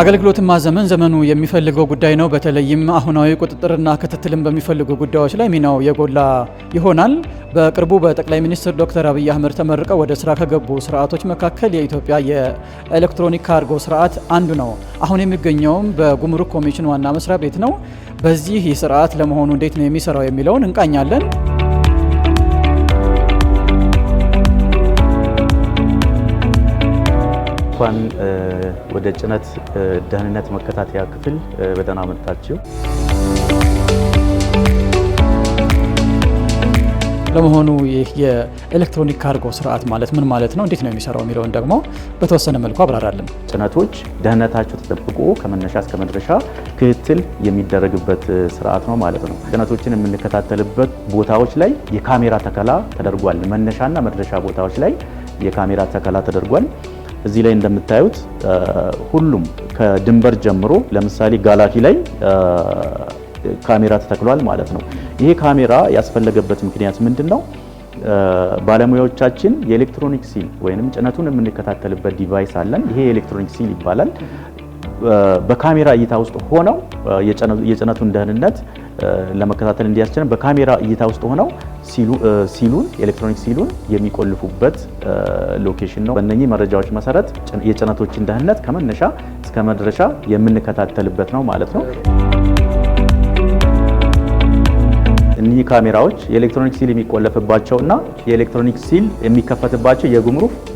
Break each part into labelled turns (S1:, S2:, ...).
S1: አገልግሎትን ማዘመን ዘመኑ የሚፈልገው ጉዳይ ነው። በተለይም አሁናዊ ቁጥጥርና ክትትልን በሚፈልጉ ጉዳዮች ላይ ሚናው የጎላ ይሆናል። በቅርቡ በጠቅላይ ሚኒስትር ዶክተር አብይ አህመድ ተመርቀው ወደ ስራ ከገቡ ስርዓቶች መካከል የኢትዮጵያ የኤሌክትሮኒክ ካርጎ ስርዓት አንዱ ነው። አሁን የሚገኘውም በጉምሩክ ኮሚሽን ዋና መስሪያ ቤት ነው። በዚህ ስርዓት ለመሆኑ እንዴት ነው የሚሰራው የሚለውን እንቃኛለን።
S2: እንኳን ወደ ጭነት ደህንነት መከታተያ ክፍል በደህና መጣችው።
S1: ለመሆኑ ይህ የኤሌክትሮኒክ ካርጎ ስርዓት ማለት ምን ማለት ነው? እንዴት ነው የሚሰራው? የሚለውን ደግሞ በተወሰነ መልኩ አብራራለን።
S2: ጭነቶች ደህንነታቸው ተጠብቆ ከመነሻ እስከ መድረሻ ክትትል የሚደረግበት ስርዓት ነው ማለት ነው። ጭነቶችን የምንከታተልበት ቦታዎች ላይ የካሜራ ተከላ ተደርጓል። መነሻና መድረሻ ቦታዎች ላይ የካሜራ ተከላ ተደርጓል። እዚህ ላይ እንደምታዩት ሁሉም ከድንበር ጀምሮ ለምሳሌ ጋላፊ ላይ ካሜራ ተተክሏል ማለት ነው። ይሄ ካሜራ ያስፈለገበት ምክንያት ምንድን ነው? ባለሙያዎቻችን የኤሌክትሮኒክ ሲል ወይም ጭነቱን የምንከታተልበት ዲቫይስ አለን። ይሄ የኤሌክትሮኒክ ሲል ይባላል። በካሜራ እይታ ውስጥ ሆነው የጭነቱን ደህንነት ለመከታተል እንዲያስችለን በካሜራ እይታ ውስጥ ሆነው ሲሉን ኤሌክትሮኒክ ሲሉን የሚቆልፉበት ሎኬሽን ነው። በእነኚህ መረጃዎች መሰረት የጭነቶችን ደህንነት ከመነሻ እስከ መድረሻ የምንከታተልበት ነው ማለት ነው። እነዚህ ካሜራዎች የኤሌክትሮኒክ ሲል የሚቆለፍባቸውና የኤሌክትሮኒክ ሲል የሚከፈትባቸው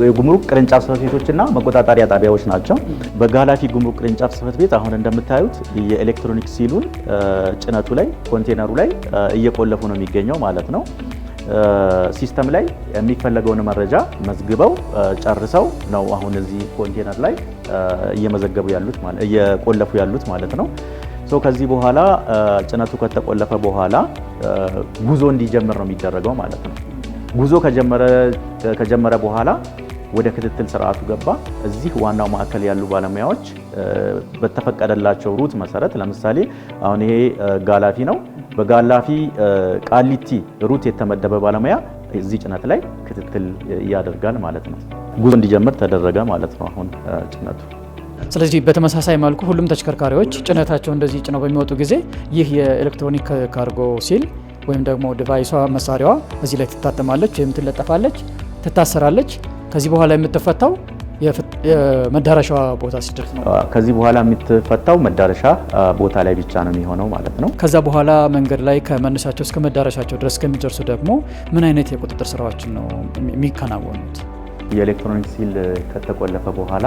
S2: የጉምሩክ ቅርንጫፍ ቤቶች ቤቶችና መቆጣጠሪያ ጣቢያዎች ናቸው። በጋላፊ ጉምሩክ ቅርንጫፍ ጽሕፈት ቤት አሁን እንደምታዩት የኤሌክትሮኒክ ሲሉን ጭነቱ ላይ ኮንቴነሩ ላይ እየቆለፉ ነው የሚገኘው ማለት ነው። ሲስተም ላይ የሚፈለገውን መረጃ መዝግበው ጨርሰው ነው አሁን እዚህ ኮንቴነር ላይ እየመዘገቡ ያሉት እየቆለፉ ያሉት ማለት ነው። ከዚህ በኋላ ጭነቱ ከተቆለፈ በኋላ ጉዞ እንዲጀምር ነው የሚደረገው ማለት ነው። ጉዞ ከጀመረ በኋላ ወደ ክትትል ስርዓቱ ገባ። እዚህ ዋናው ማዕከል ያሉ ባለሙያዎች በተፈቀደላቸው ሩት መሰረት ለምሳሌ አሁን ይሄ ጋላፊ ነው። በጋላፊ ቃሊቲ ሩት የተመደበ ባለሙያ እዚህ ጭነት ላይ ክትትል ያደርጋል ማለት ነው። ጉዞ እንዲጀምር ተደረገ ማለት ነው። አሁን ጭነቱ
S1: ስለዚህ በተመሳሳይ መልኩ ሁሉም ተሽከርካሪዎች ጭነታቸው እንደዚህ ጭነው በሚወጡ ጊዜ ይህ የኤሌክትሮኒክ ካርጎ ሲል ወይም ደግሞ ዲቫይሷ መሳሪያዋ እዚህ ላይ ትታተማለች ወይም ትለጠፋለች፣ ትታሰራለች። ከዚህ በኋላ የምትፈታው መዳረሻዋ ቦታ ሲደርስ ነው።
S2: ከዚህ በኋላ የምትፈታው መዳረሻ ቦታ ላይ ብቻ ነው የሚሆነው ማለት ነው።
S1: ከዛ በኋላ መንገድ ላይ ከመነሻቸው እስከ መዳረሻቸው ድረስ ከሚደርሱ ደግሞ ምን አይነት የቁጥጥር ስራዎችን ነው የሚከናወኑት?
S2: የኤሌክትሮኒክ ሲል ከተቆለፈ በኋላ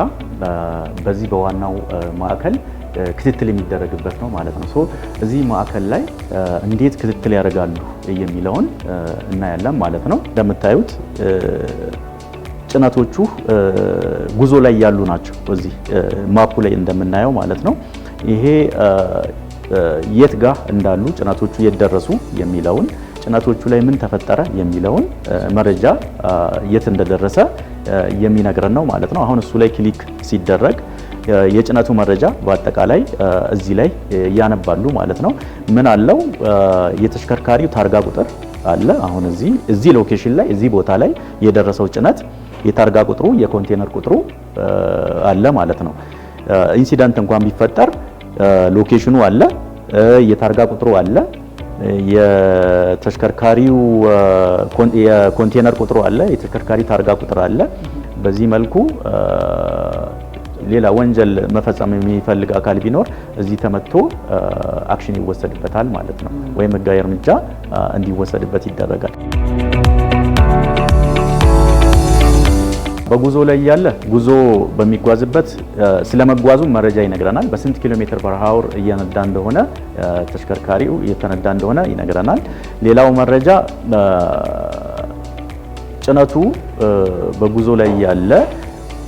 S2: በዚህ በዋናው ማዕከል ክትትል የሚደረግበት ነው ማለት ነው። እዚህ ማዕከል ላይ እንዴት ክትትል ያደርጋሉ የሚለውን እናያለን ማለት ነው። እንደምታዩት ጭነቶቹ ጉዞ ላይ ያሉ ናቸው። እዚህ ማፑ ላይ እንደምናየው ማለት ነው ይሄ የት ጋር እንዳሉ ጭነቶቹ የት ደረሱ የሚለውን ጭነቶቹ ላይ ምን ተፈጠረ የሚለውን መረጃ የት እንደደረሰ የሚነግረን ነው ማለት ነው። አሁን እሱ ላይ ክሊክ ሲደረግ የጭነቱ መረጃ በአጠቃላይ እዚህ ላይ ያነባሉ ማለት ነው። ምን አለው? የተሽከርካሪው ታርጋ ቁጥር አለ። አሁን እዚህ እዚህ ሎኬሽን ላይ እዚህ ቦታ ላይ የደረሰው ጭነት የታርጋ ቁጥሩ የኮንቴነር ቁጥሩ አለ ማለት ነው። ኢንሲደንት እንኳን ቢፈጠር ሎኬሽኑ አለ፣ የታርጋ ቁጥሩ አለ የተሽከርካሪው የኮንቴነር ቁጥሩ አለ፣ የተሽከርካሪ ታርጋ ቁጥር አለ። በዚህ መልኩ ሌላ ወንጀል መፈጸም የሚፈልግ አካል ቢኖር እዚህ ተመቶ አክሽን ይወሰድበታል ማለት ነው፣ ወይም ሕጋዊ እርምጃ እንዲወሰድበት ይደረጋል። በጉዞ ላይ እያለ ጉዞ በሚጓዝበት ስለመጓዙ መረጃ ይነግረናል። በስንት ኪሎ ሜትር በርሃውር እየነዳ እንደሆነ ተሽከርካሪው እየተነዳ እንደሆነ ይነግረናል። ሌላው መረጃ ጭነቱ በጉዞ ላይ ያለ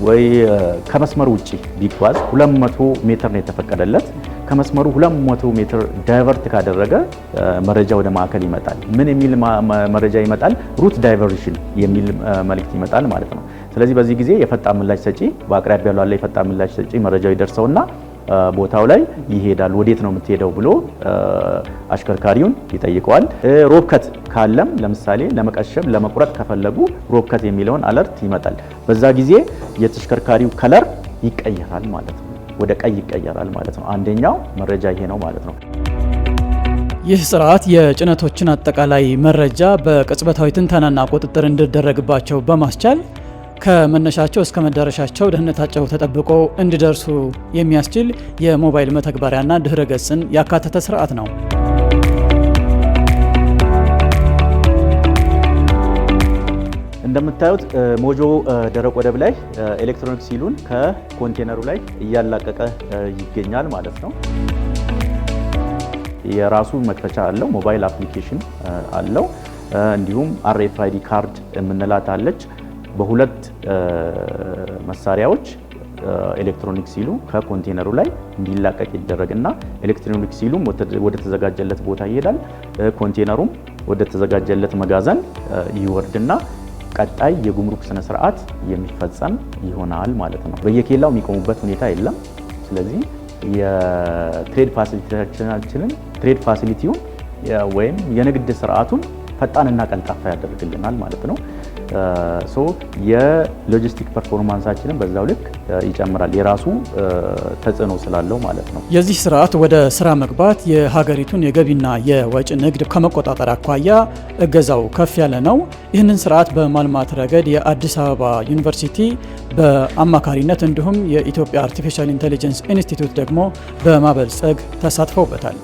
S2: ወይ ከመስመሩ ውጭ ቢጓዝ 200 ሜትር ነው የተፈቀደለት። ከመስመሩ 200 ሜትር ዳይቨርት ካደረገ መረጃ ወደ ማዕከል ይመጣል። ምን የሚል መረጃ ይመጣል? ሩት ዳይቨርሽን የሚል መልእክት ይመጣል ማለት ነው። ስለዚህ በዚህ ጊዜ የፈጣን ምላሽ ሰጪ በአቅራቢያ ላለ የፈጣን ምላሽ ሰጪ መረጃው ይደርሰውና ቦታው ላይ ይሄዳል። ወዴት ነው የምትሄደው ብሎ አሽከርካሪውን ይጠይቀዋል። ሮብከት ካለም ለምሳሌ ለመቀሸብ ለመቁረጥ ከፈለጉ ሮብከት የሚለውን አለርት ይመጣል። በዛ ጊዜ የተሽከርካሪው ከለር ይቀየራል ማለት ነው፣ ወደ ቀይ ይቀየራል ማለት ነው። አንደኛው መረጃ ይሄ ነው ማለት ነው።
S1: ይህ ስርዓት የጭነቶችን አጠቃላይ መረጃ በቅጽበታዊ ትንተናና ቁጥጥር እንዲደረግባቸው በማስቻል ከመነሻቸው እስከ መዳረሻቸው ደህንነታቸው ተጠብቆ እንዲደርሱ የሚያስችል የሞባይል መተግበሪያና ድህረ ገጽን ያካተተ ስርዓት ነው።
S2: እንደምታዩት ሞጆ ደረቅ ወደብ ላይ ኤሌክትሮኒክ ሲሉን ከኮንቴነሩ ላይ እያላቀቀ ይገኛል ማለት ነው። የራሱ መክፈቻ አለው፣ ሞባይል አፕሊኬሽን አለው። እንዲሁም አርኤፍአይዲ ካርድ የምንላት አለች። በሁለት መሳሪያዎች ኤሌክትሮኒክ ሲሉ ከኮንቴነሩ ላይ እንዲላቀቅ ይደረግና ኤሌክትሮኒክ ሲሉም ወደ ተዘጋጀለት ቦታ ይሄዳል። ኮንቴነሩም ወደ ተዘጋጀለት መጋዘን ይወርድና ቀጣይ የጉምሩክ ስነ ስርዓት የሚፈጸም ይሆናል ማለት ነው። በየኬላው የሚቆሙበት ሁኔታ የለም። ስለዚህ የትሬድ ፋሲሊቲችንን ትሬድ ፋሲሊቲውን ወይም የንግድ ስርዓቱን ፈጣንና ቀልጣፋ ያደርግልናል ማለት ነው። ሶ የሎጂስቲክ ፐርፎርማንሳችንን በዛው ልክ ይጨምራል፣ የራሱ ተጽዕኖ ስላለው ማለት ነው።
S1: የዚህ ስርዓት ወደ ስራ መግባት የሀገሪቱን የገቢና የወጪ ንግድ ከመቆጣጠር አኳያ እገዛው ከፍ ያለ ነው። ይህንን ስርዓት በማልማት ረገድ የአዲስ አበባ ዩኒቨርሲቲ በአማካሪነት እንዲሁም የኢትዮጵያ አርቲፊሻል ኢንቴሊጀንስ ኢንስቲትዩት ደግሞ በማበልጸግ ተሳትፈውበታል።